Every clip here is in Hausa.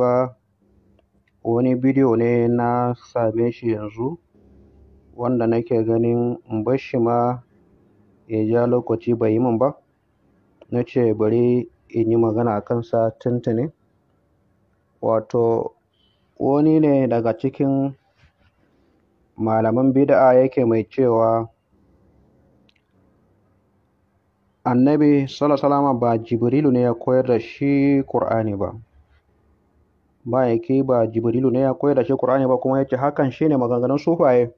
ba wani bidiyo ne na same shi yanzu wanda nake ganin in bar shi ma ya ja lokaci bai yi min ba. Na ce bari in yi magana a kansa tuntuni. Wato wani ne daga cikin malaman bid'a yake mai cewa annabi sallallahu alaihi ba jibrilu ne ya koyar da shi ƙur'ani ba ba ya ke ba jibrilu ne ya koyar da shi Kur'ani ba kuma yace hakan shine maganganun sufaye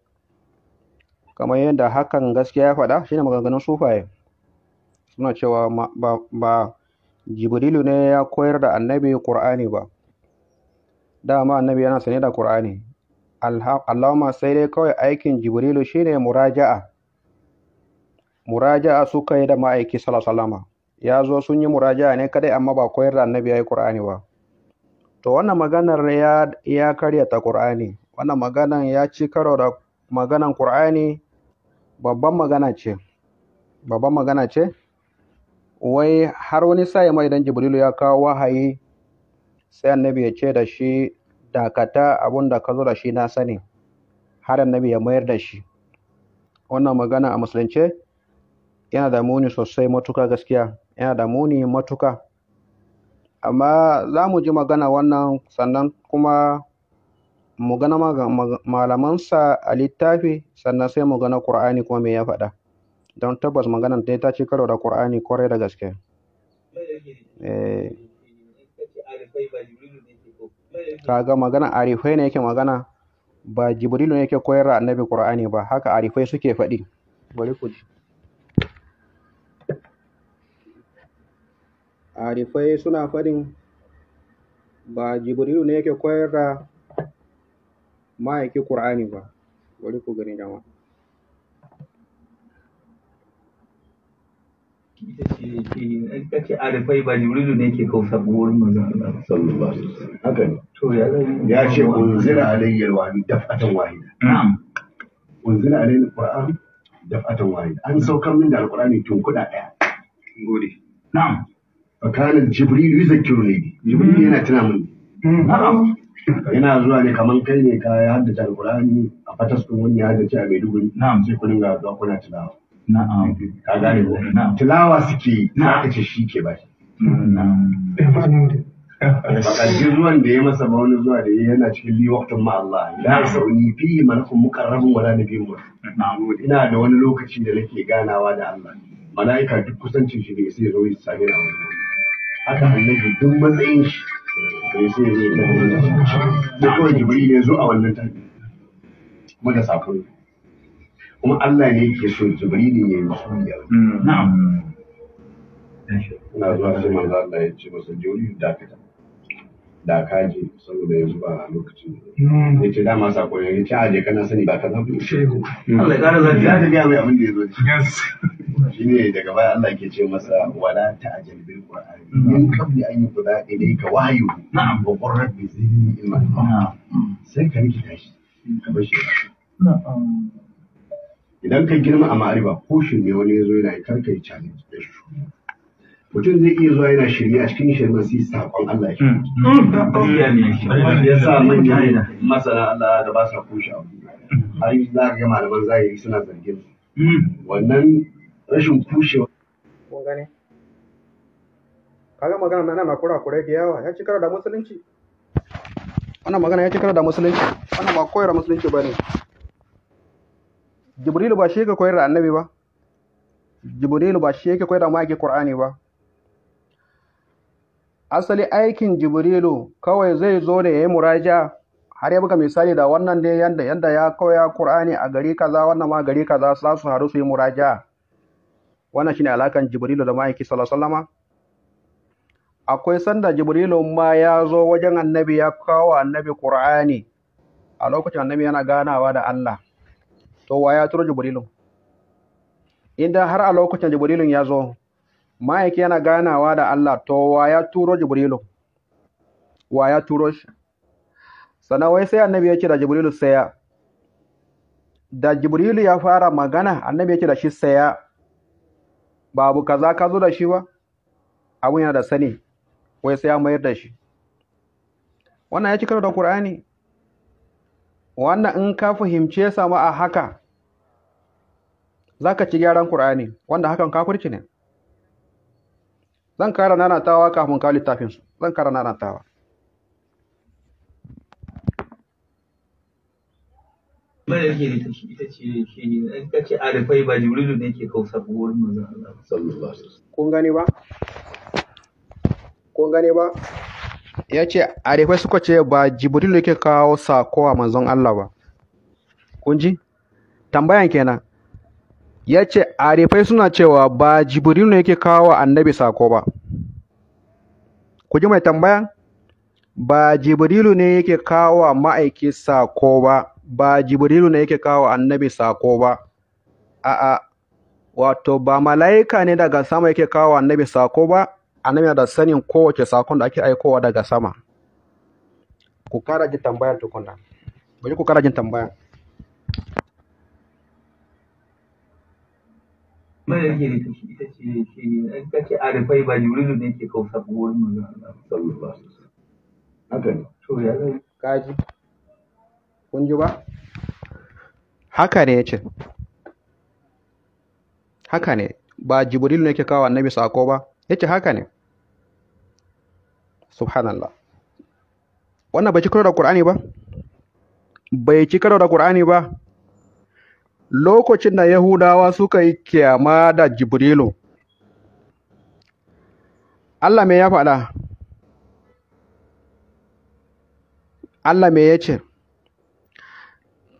kamar yadda hakan gaskiya ya faɗa shine maganganun sufaye suna cewa ba, jibrilu ne ya koyar da annabi ƙur'ani ba dama annabi yana sane da ƙur'ani. allahumma sai dai kawai aikin jibrilu shine muraja'a muraja'a suka yi da ma'aiki sallallahu alaihi ya zo sun yi muraja'a ne kadai amma ba koyar da annabi ya yi ƙur'ani ba to wannan maganar ya ya karyata Qur'ani wannan maganar ya ci karo da maganar Qur'ani babban magana ce babban magana ce wai har wani sai mai idan Jibrilu ya kawo wahayi sai annabi ya ce da shi dakata abun da ka zo da shi na sani har annabi ya mayar da shi wannan magana a musulunce yana da muni sosai matuka gaskiya yana da muni matuka amma za mu ji magana wannan sannan kuma mu gana malamansa a littafi sannan sai mu gana ƙur'ani kuma me ya faɗa don tabbas maganan da ta ci karo da ƙur'ani kwarai da gaske eh. kaga magana arifai ne yake magana ba jibrilu ne yake koyar da annabi ƙur'ani ba haka arifai suke faɗi bari ku ji arifai suna faɗin ba Jibrilu ne yake koyar da ma'aiki Kur'ani ba, bari ku gani jama'a. ba jibrilu ne ke kausa sallallahu alaihi wasallam ya ce unzira alayhi alwahid daf'atan wahida na'am unzira alayhi alquran daf'atan wahida an saukar min da alqurani tun kuda daya gode na'am fakanin jibril yuzakiru ne jibril yana tuna Na'am. yana zuwa ne kamar kai ne ka haddace alkurani a fataskun wani ya haddace a maiduguri sai ku dinga zuwa kuna tilawa Na'am. ka gane ko tilawa suke na aka ce shi ke ba shi fakadin ruwan da ya masa ba wani zuwa da yana cikin li waqtin ma Allah la sauni fi malakun muqarrabun wala nabiyyun mursalun ina da wani lokaci da nake ganawa da Allah mala'ika duk kusancin shi ne sai zo ya same ni a wani haka annabi duk matsayin shi eh, da sai zai ta hanyar shi da kawai jibril ya zo a wannan tafi kuma da sakon kuma Allah ne ke so jibril ya yi musuliya mm, na'am ina zuwa sai manzo Allah ya ce masa jori da fita da kaji saboda yanzu ba a lokacin da mm. ya ce dama sakon ya ce aje kana sani ba ka zafi mm. Allah ya kara lafiya ta biya mai abin da ya zo ne daga baya Allah ke ce masa wala ta'jal bil qur'ani mm. min qabli an yuqda ilayka wahyu na'am wa qur rabbi zidni ilma sai ka rike tashi ka bar shi na'am idan ka girma a ma'ariba ko ne wani ya zo yana kar kai challenge da shi mutum zai iya zuwa yana shirye a cikin shirme sai sakon Allah shi mm. mm. ya sa manyan masana Allah da ba sa kushe abu ai za ka ga malaman zahiri suna zargin wannan rashin kushewa kun gane kaga magana nan na kura yake yawa ya ci karo da musulunci wannan magana ya ci karo da musulunci wannan ba koyar musulunci ba ne jibrilu ba shi yake koyar da annabi ba jibrilu ba shi yake koyar da ma'aikin Kur'ani ba asali aikin jibrilu kawai zai zo ne yi muraja har ya buga misali da wannan ne yanda ya koya qur'ani a gari kaza wannan ma gari kaza za su haru su yi muraja wannan shine alakan jibrilu da ma'aiki sallallahu alaihi wasallama akwai sanda jibrilu ma ya zo wajen annabi ya kawo annabi qur'ani a lokacin annabi yana ganawa da Allah to wa ya turo jibrilu inda har a lokacin Jibrilu ya zo ma'aiki yana ganawa da Allah to wa ya turo jibrilu wa ya turo shi sannan wai sai annabi ya ce da jibrilu saya da jibrilu ya fara magana annabi ya ce da shi saya ba abu kaza ka zo da shi ba abun yana da sani wai sai ya mayar da shi wannan ya ci karo da Qur'ani wannan in ka fahimce sa ma a haka zaka ci gyaran Qur'ani wanda hakan kafirci ne zan kara nanatawa kafin ka littafin su zan kara nanatawa Mai yake da ita ce shi in ka ce arifai ba jibrilu ne ke kausa Allah sallallahu kun gane ba kun gane ba ya ce arifai suka ce ba jibrilu kawo sako a manzon Allah ba kun ji tambayan kenan ya ce arifai suna cewa ba jibrilu ne yake kawo annabi sako ba ku ji mai tambaya ba jibrilu ne yake kawo ma'aiki sako ba ba Jibrilu ne yake kawo annabi sako ba, a'a, wato ba mala'ika ne daga sama yake kawo annabi sako ba, annabi da sanin kowace sakon da ake aikowa daga sama. Ku kara jin tambayar tukuna, bari ku kara jin tambayar. Mai yake ce ba ne Haka ne. To ya zai kaji. kun ji ba haka ne ya ce haka ne ba jibrilu ne ke kawo annabi sako ba ya ce haka ne subhanallah wannan bai ci karo da ƙur'ani ba bai ci karo da ƙur'ani ba lokacin da yahudawa suka yi kiyama da jibrilu Allah me ya faɗa Allah me ya ce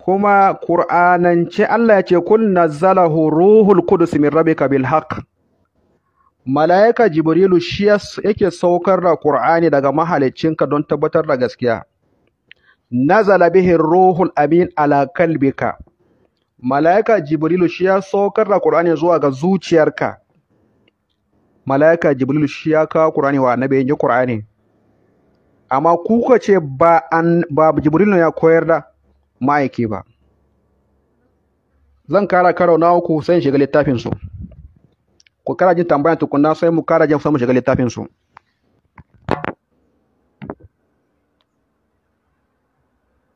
kuma ƙur'anance Allah ya ce kul nazzalahu ruhul qudus min rabbika bil haqq malaika jibrilu shi yake saukar da ƙur'ani daga mahaliccinka don tabbatar da gaskiya nazala bihi ruhul amin ala kalbika malaika jibrilu shi ya saukar da ƙur'ani zuwa ga zuciyarka malaika jibrilu shi ya kawo ƙur'ani wa annabi yin ƙur'ani amma kuka ce ba jibrilu ya koyar da ma'aike ba zan kara karo na uku sai shiga littafin su ku kara jin tambayan tukunna sai mu kara jin sai mu shiga littafin su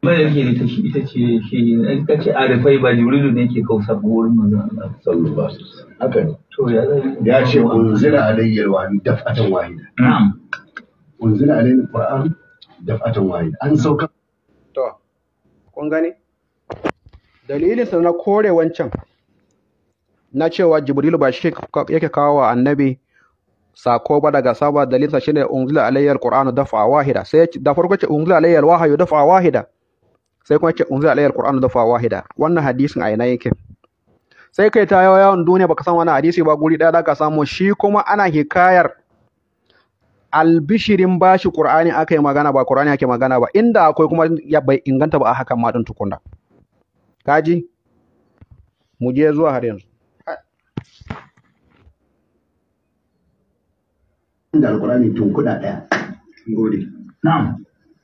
mai yake da tashi ita ce shi in ka ce arifai ba juridu ne ke kausar wurin manzon Allah sallallahu alaihi wasallam haka ne to ya zai ya ce unzila alayya alwani daf'atan wahida na'am unzila alayya alquran daf'atan wahida an sauka kun gane dalilinsa na kore wancan na cewa jibrilu ba shi yake kawo wa annabi sako ba daga saba dalilinsa shine unzila alayya alqur'anu dafa wahida sai da farko ce unzila alayya alwahyu dafa wahida sai kuma ce unzila alayya alqur'anu dafa wahida wannan hadisin a ina yake sai kai ta yawa yawon duniya baka san wani hadisi ba guri daya da ka samu shi kuma ana hikayar albishirin bashi Qur'ani aka yi magana ba Qur'ani ake magana ba inda akwai kuma ya bai inganta ba a hakan ma din tukunna kaji mu je zuwa har yanzu inda alqur'ani tun kuda daya gode na'am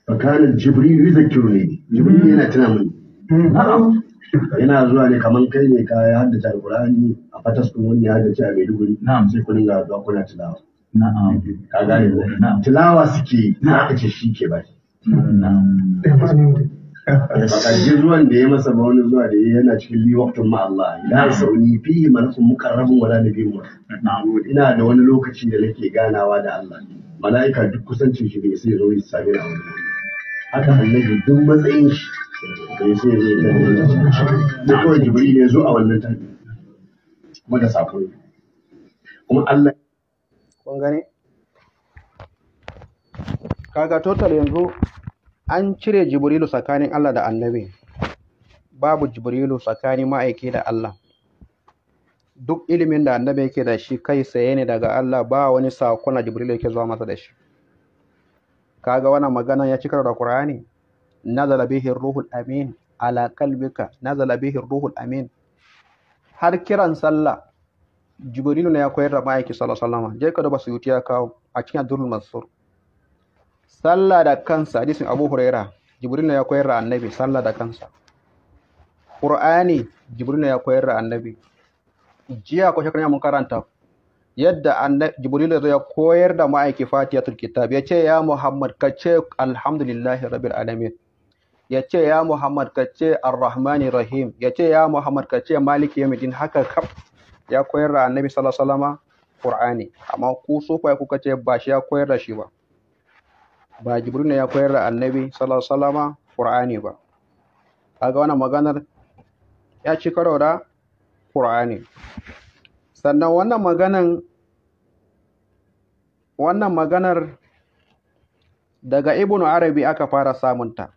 fakanin jibril yuzakkiruni jibril hmm. yana tuna mun hmm. na'am yana zuwa ne kamar kai ne ka haddace alqur'ani a fatas kun wani ya haddace a Na'am. sai kun ga addu'a kuna tunawa na'am ka gane ko tilawa suke na aka ce shi ke ba shi fakajin ruwan da ya masa ba wani zuwa da yana cikin liwaktun ma Allah ya sauni fi malakun mukarrabun wala nabiyyun ina da wani lokaci da nake ganawa da Allah mala'ika duk kusancin shi bai sai zo ya same a wani haka annabi duk matsayin shi bai sai zo ya da kawai jibril ne zo a wannan tafi kuma da sako kuma Allah kun gane kaga total yanzu an cire jibrilu tsakanin Allah da annabi babu jibrilu tsakanin ma'aiki da Allah duk ilimin da annabi yake da shi kai saye ne daga Allah ba wani sakona jibrilu yake zuwa masa da shi kaga wannan magana ya cika da Qur'ani nazala bihi ruhul amin ala kalbika nazala bihi ruhul amin har kiran sallah jibrilu ne ya koyar da ma'aiki sallallahu alaihi wasallam je ka duba suyuti ya kawo a cikin adurul mansur sallah da kansa hadisin abu huraira jibrilu ne ya koyar da annabi sallah da kansa qur'ani jibrilu ne ya koyar da annabi jiya ko shekaran mun karanta yadda jibrilu ya koyar da ma'aiki fatihatul kitab ya ce ya muhammad ka ce alhamdulillahi rabbil alamin ya ce ya muhammad ka ce arrahmanir rahim ya ce ya muhammad ka ce maliki yawmiddin haka kaf ya koyar da annabi sallallahu alaihi wasallama qur'ani amma ku so kuwa kuka ce ba shi ya koyar da shi ba ba jibril ne ya koyar da annabi sallallahu alaihi wasallama qur'ani ba kaga wannan maganar ya ci karo da qur'ani sannan wannan maganan wannan maganar daga ibnu arabi aka fara samunta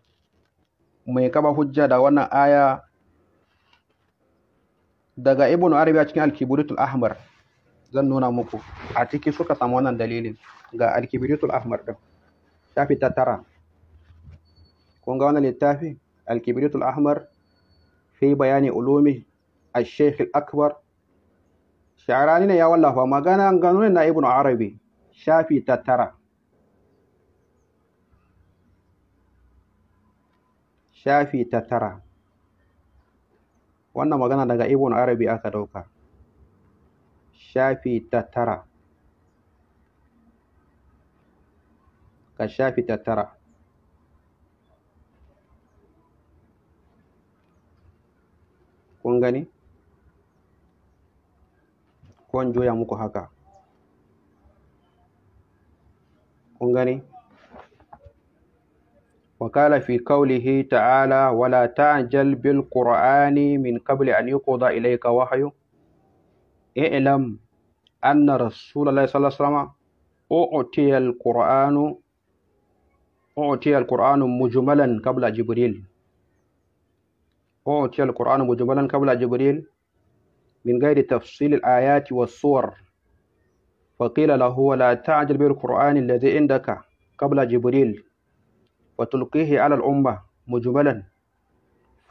mai kaba hujja da wannan aya daga ibn arabi a cikin alkibiritul ahmar zan nuna muku a ciki suka samu wannan dalilin ga alkibiritul ahmar din shafi ta tara kun ga wannan littafi alkibiritul ahmar fi bayani ulumi a sheikh akbar sha'arani ne ya wallafa magana ganunin na ibn arabi shafi ta tara shafi ta tara wannan magana daga ibn arabi aka dauka shafi tattara, ka shafi tattara, kun gani ko in juya muku haka kun gani وقال في قوله تعالى ولا تعجل بالقرآن من قبل أن يقضى إليك وحيه اعلم أن رسول الله صلى الله عليه وسلم أعطي القرآن أعطي القرآن مجملا قبل جبريل أعطي القرآن مجملا قبل جبريل من غير تفصيل الآيات والصور فقيل له ولا تعجل بالقرآن الذي عندك قبل جبريل وتلقيه على الأمة مجملا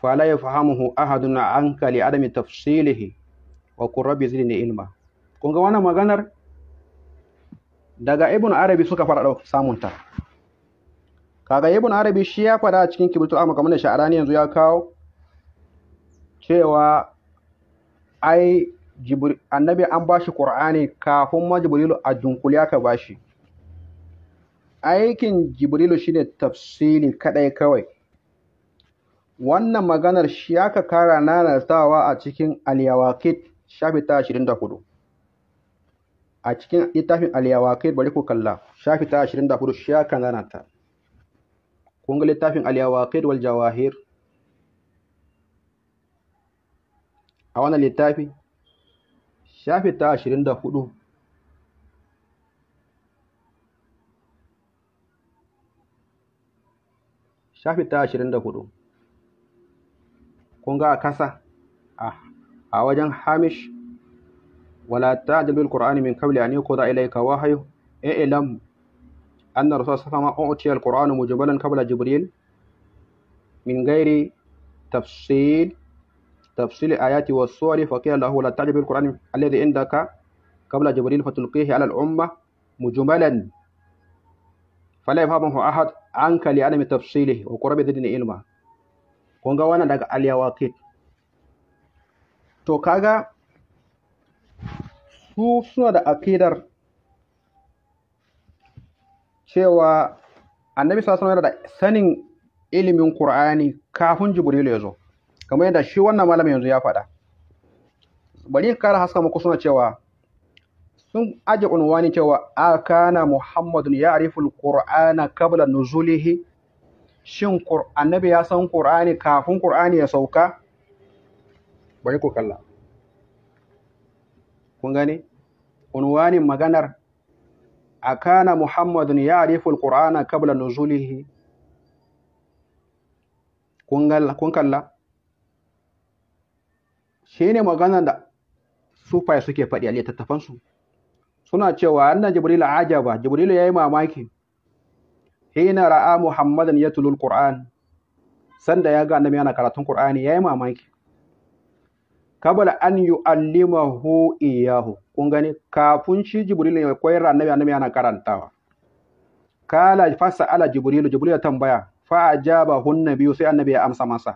فلا يفهمه أحد عنك لعدم تفصيله وقل رب زدني علما kun ga wannan maganar daga ibn arabi suka fara samunta kaga ibn arabi shi ya fara cikin kibutul amma kamar da yanzu ya kawo cewa ai annabi an bashi qur'ani kafin ma jibrilu a dunkule aka bashi aikin Jibrilu shine tafsiri kadai kawai. Wannan maganar shi aka kara nanatawa a cikin Aliyawakit shafi ta ashirin da hudu. A cikin littafin Aliyawakit bari ku kalla shafi ta ashirin da hudu shi aka nanata. Kun ga littafin Aliyawakit wal Jawahir a wannan littafi shafi ta ashirin da hudu. shafi ta ashirin da hudu kun ga a kasa a wajen hamish wala ta bil qur'ani min qabli an yuqda ilayka wahyu i'lam anna rasul sallallahu alaihi wasallam utiya al qur'ana mujbalan qabla jibril min ghairi tafsil تفصيل الآيات والصور فقيل له لا تعجب القرآن الذي عندك قبل جبريل فتلقيه على الأمة مجملا fala yafhamuhu ahad kali ana adami tafsili wa da dina ilma kun ga wannan daga aliyawa kit. to kaga su suna da akidar cewa annabi sa sanar da sanin ilimin qur'ani kafin jibrilu ya zo kamar yadda shi wannan malamin yanzu ya faɗa bari in kara haska muku suna cewa sun aje unwani cewa akana muhammadun ya ariful qur'ana kabla nuzulihi shin annabi ya san qur'ani kafin qur'ani ya sauka bari ku kalla kun gane unwani maganar akana muhammadun ya ariful qur'ana kabla nuzulihi kun kalla shi ne maganar da sufai suke faɗi a littattafansu suna cewa annan jibrila ajaba jibrila yayi mamaki hina ra'a muhammadan yatlu alquran sanda ya ga annabi yana karatun qur'ani yayi mamaki kabala an yu'allimahu iyahu kun gani kafin shi jibril ya koyar annabi annabi yana karantawa kala fasala jibril jibril ya tambaya fa ajabahu annabi sai annabi ya amsa masa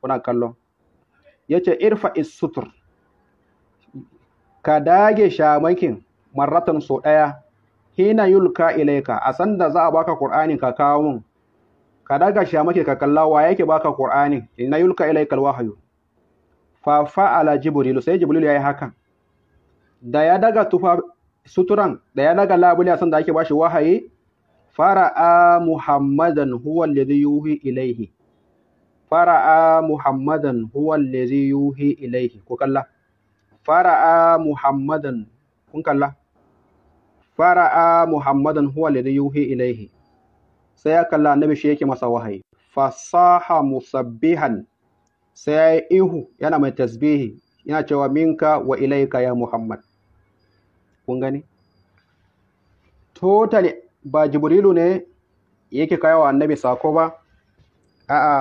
kuna kallo yace irfa is sutur. ka dage shamakin marratan so ɗaya hina yulka ilaika a sanda za a baka qur'ani ka kawo mun ka daga sha make ka kalla wa yake baka qur'ani hina yulka ilaika alwahyu fa fa'ala jibril sai jibril yayi hakan da ya daga tufa suturan da ya daga labuli a sanda ake bashi wahayi fara'a muhammadan huwa alladhi yuhi ilaihi fara'a muhammadan huwa alladhi yuhi ilaihi ko kalla fara'a muhammadan kun kalla fara'a muhammadan huwa alladhi yuhi ilaihi sai ya kalla annabi shi yake masa wahayi fasaha musabbihan sai ya yi ihu yana mai tasbihi yana cewa minka wa ilaika ya muhammad kun gani totally ba jibrilu ne yake kawo annabi sako ba a'a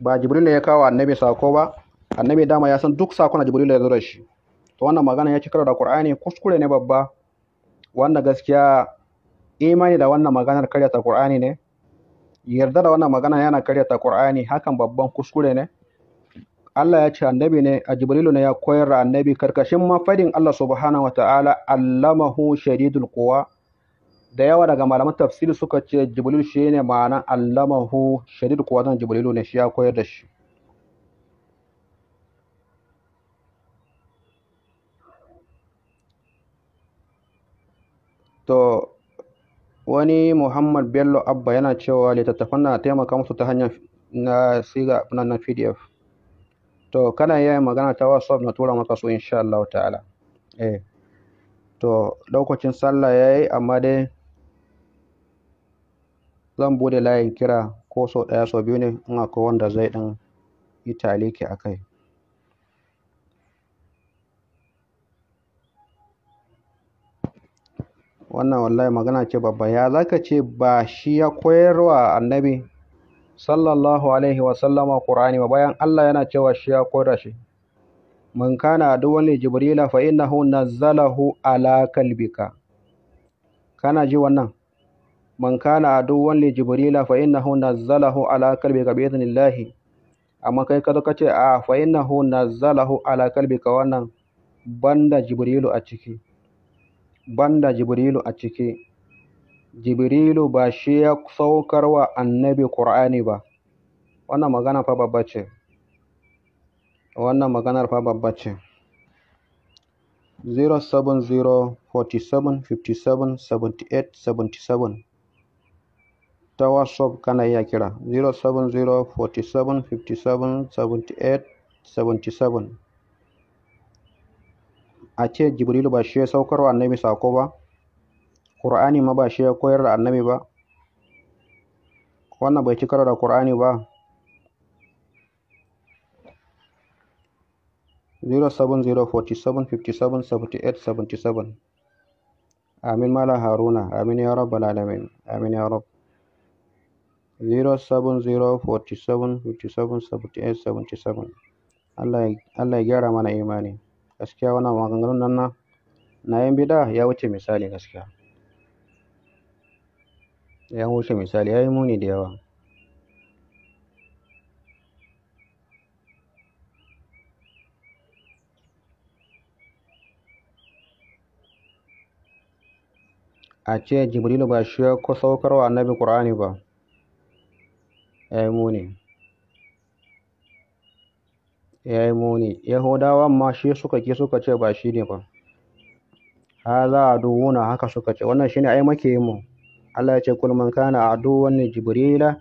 ba jibrilu ne ya kawo annabi sako ba annabi dama ya san duk sakon da jibrilu ya zo da shi to wannan magana ya ci karo da Qur'ani kuskure ne babba wanda gaskiya imani da wannan maganar karya ta Qur'ani ne yarda da wannan magana yana ta Qur'ani hakan babban kuskure ne Allah ya ce annabi ne a Jibrilu ne ya koyar da annabi karkashin mafadin Allah subhanahu ta'ala allamahu shadidul quwa da yawa daga malaman tafsiri suka ce jibrilu shi ne ma'ana allamahu shadidul quwa dan Jibrilu ne shi ya koyar da shi to wani muhammad bello abba yana cewa littattafan na taimaka musu ta hanyar na siga na pdf to kana yi magana ta whatsapp na tura maka su insha Allah ta'ala eh to lokacin sallah yayi amma dai zan bude layin kira ko so ɗaya so biyu ne in akwai wanda zai ɗan yi taliki a kai wannan wallahi magana ce babba ya zaka ce ba shi ya koyarwa annabi sallallahu alaihi wa sallama qur'ani bayan Allah yana cewa shi ya koyar shi man kana duwani jibrila fa innahu nazzalahu ala kalbika kana ji wannan man kana duwani jibrila fa innahu nazzalahu ala kalbika bi idnillahi amma kai ka ka ce a ah, fa innahu nazzalahu ala kalbika wannan banda jibrilu a ciki banda Jibrilu a ciki, Jibrilu ba shi ya saukar wa annabi Qur'ani ba, wannan magana fa babba ce, wannan maganar fa babba ce. 070 47 78 77 ta WhatsApp kana iya kira 070 78 77 a ce jibrilu ba shi ya saukar wa annabi sako ba ƙur'ani ma ba shi ya koyar da annabi ba wannan bai ci da ƙur'ani ba amin mala haruna amin ya rabbal alamin amin ya rabb 07047577877 Allah ya gyara mana imani Gaskiya wannan maganganun nan na na ƴan bid'a ya wuce misali gaskiya. Ya wuce misali, ya yi muni da yawa. A ce Jibrilu ba shi ya saukarwa Annabi Ƙur'ani ba, ya yi muni. ya yi muni yahudawan ma shi suka ki suka ce ba shi ne ba ha za a duwuna haka suka ce wannan shi ne ai make mu Allah ya ce kul man kana aduwwan li jibrila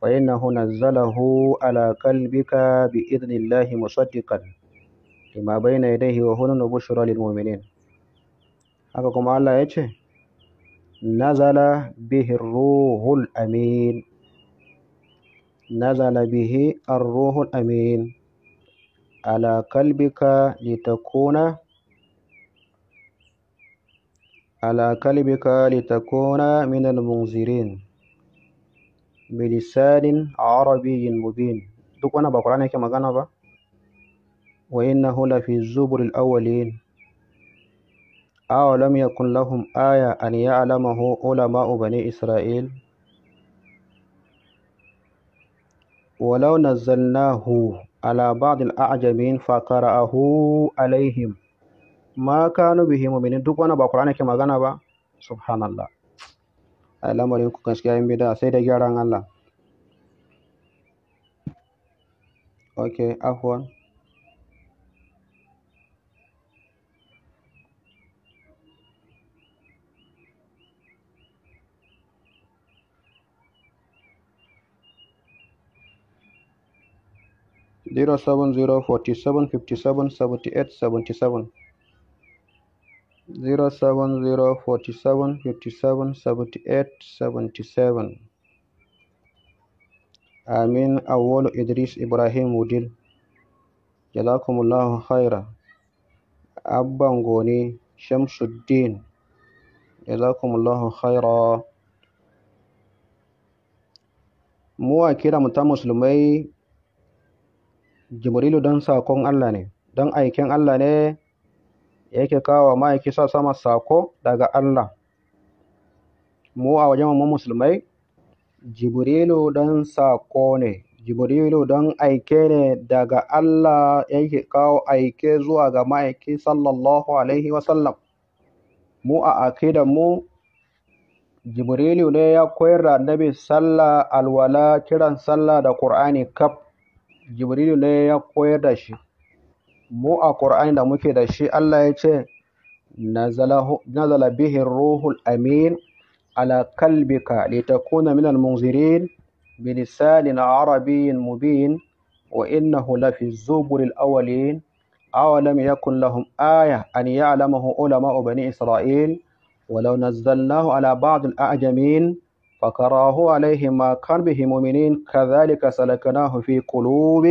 fa innahu nazzalahu ala qalbika bi idnillahi musaddiqan lima bayna yadayhi wa hunan bushra lil mu'minin haka kuma Allah ya ce nazala bihi ruhul amin nazala bihi ar-ruhul amin على قلبك لتكون على قلبك لتكون من المنذرين بلسان عربي مبين دوك وانا بقران كما كان با وإنه لفي زبر الأولين أو لم يكن لهم آية أن يعلمه علماء بني إسرائيل ولو نزلناه على بعض الأعجمين فقرأه عليهم ما كانوا به duk wannan ba Qur'ani ke magana ba subhanallah al'amarin ku gaskiya yin bid'a sai da gyaran Allah 070 47 57 78 77 070 47 57 78 77 Amin Awolu Idris Ibrahim Wudil Jazakumullahu khaira Abban Goni Shamsuddin Jazakumullahu khaira Mu a kira mu ta musulmai jibrilu don sakon Allah ne don aikin Allah ne yake kawo ma'aiki sa sama sako daga Allah mu a wajen mu musulmai jibrilu don sako ne jibrilu don aike ne daga Allah yake kawo aike zuwa ga ma'aiki sallallahu alaihi wasallam mu a akidan mu jibrilu ne ya koyar da nabi sallah alwala kiran sallah da ƙur'ani kaf Jibrilu ne ya koyar da shi mu a Qur'ani da muke da shi Allah ya ce nazala bihi ruhul amin ala kalbika litakuna minal munzirin bilisanin arabiyyin mubin wa innahu lafi awali. awwalin awalam yakun lahum aya an ya'lamahu ulama'u bani isra'il ولو نزلناه على بعض الأعجمين فكراه عليهم به مؤمنين كذلك سلكناه في قلوب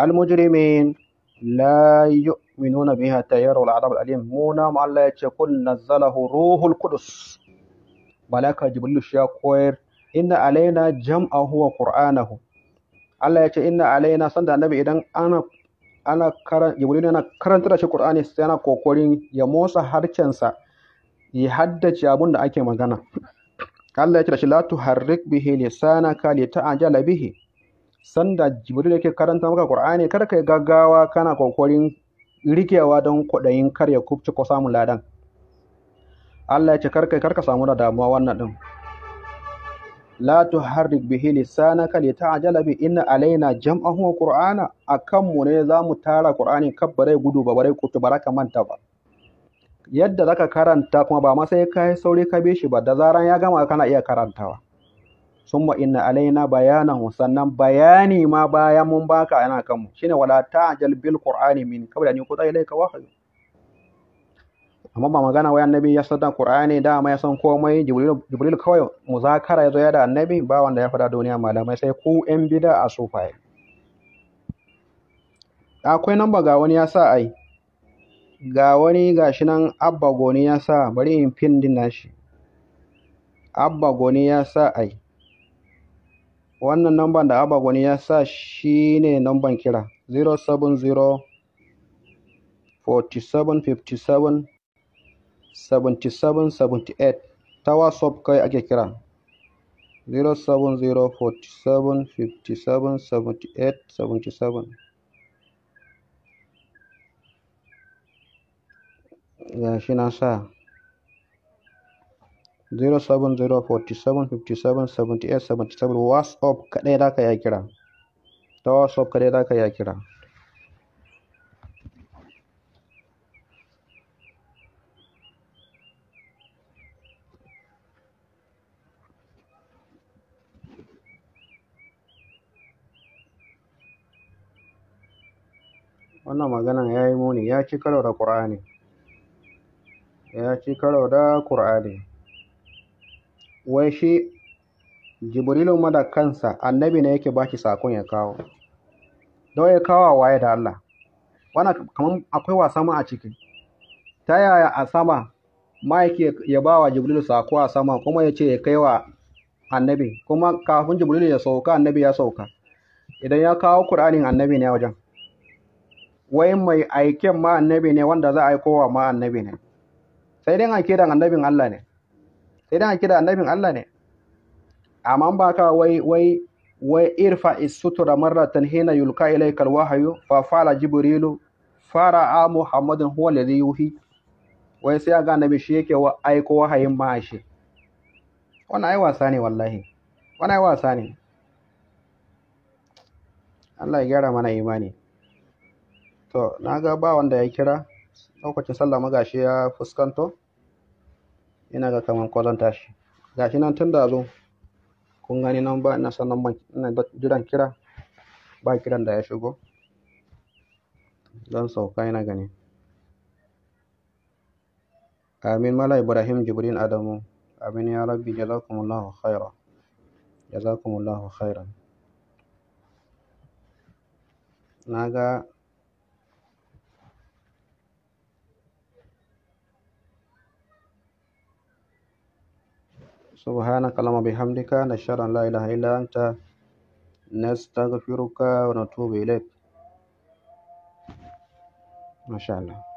المجرمين لا يؤمنون بها تيار العذاب الأليم مونا ما لا يتكون نزله روح القدس ملائكة جبريل الشاكوير إن علينا جمعه وقرآنه Allah ya ce inna alaina sanda annabi idan ana ana karan Jibril yana karanta da shi Qur'ani sai yana kokarin ya motsa harcensa ya haddace abin da ake magana Allah ya ce da shi la tuharrik bihi li ta'jala bihi sanda jibril yake karanta maka qur'ani kar kai gaggawa kana kokarin rikewa don kudayin karya ya ko samu ladan Allah ya ce kar kai kar ka samu da damuwa wannan din la tuharrik bihi li ta'jala bi inna alaina jam'ahu qur'ana akan mu ne zamu tara qur'ani kabbare gudu babare kutu baraka manta ba yadda zaka karanta kuma ba ma sai ka yi sauri ka bi shi ba da zaran ya gama kana iya karantawa summa inna alaina bayanan sannan bayani ma bayan mun baka yana kanmu shine wala ta'jal bil qur'ani min ni an yuqda ilayka wahyu amma ba magana wai annabi ya san qur'ani da mai san komai jibril jibril kawai muzakara yazo ya da annabi ba wanda ya fada duniya malamai sai ku yan bida a sufaye akwai namba ga wani ya sa ai ga wani gashi nan abba goni ya sa bari in pin din nashi abba goni ya sa ai wannan namban da abba goni ya sa shi ne namban kira 070 47 57 77 78 ta whatsapp kai ake kira 070 47 57 78 77 ga shi na sa 07047577877 whatsapp kadai da ka ya kira ta whatsapp kadai za ka ya kira wannan maganan ya yi muni ya ci karo da ƙur'ani ya ci karo da ƙur'ani wai shi jibrilu ma da kansa annabi ne yake bashi sakon ya kawo don ya kawo waye da Allah wannan kamar akwai wasa ma a ciki ta yaya a sama yake ya ba wa jibrilu sako a sama kuma ya ce ya kai wa annabi kuma kafin jibrilu ya sauka annabi ya sauka idan ya kawo ƙur'anin annabi ne wajen wai mai aiken ma annabi ne wanda za a aikowa ma annabi ne sai dai a kira annabin Allah ne sai dai a kira annabin Allah ne amma ba ka wai wai wai irfa isutura maratan hina yulka ilayka alwahyu wahyu fa fa'ala jibrilu fara'a muhammadin huwa alladhi yuhi wai sai ga annabi shi yake wa aiko wahayin ma shi wannan ai wasa ne wallahi wannan ai wasa ne Allah ya gyara mana imani to na ga ba wanda ya kira lokacin sallah ma gashi ya fuskanto ina ga kaman ko tashi gashi nan tun da zo kun gani nan ba ina sannan ba ina jiran kira ba kiran da ya shigo zan sauka ina gani amin mala ibrahim jibrin adamu amin ya rabbi jazakumullahu khaira jazakumullahu khaira na ga subhanaka allahumma bihamdika nashhadu an la ilaha illa anta nastaghfiruka wa natubu ilayk ma sha Allah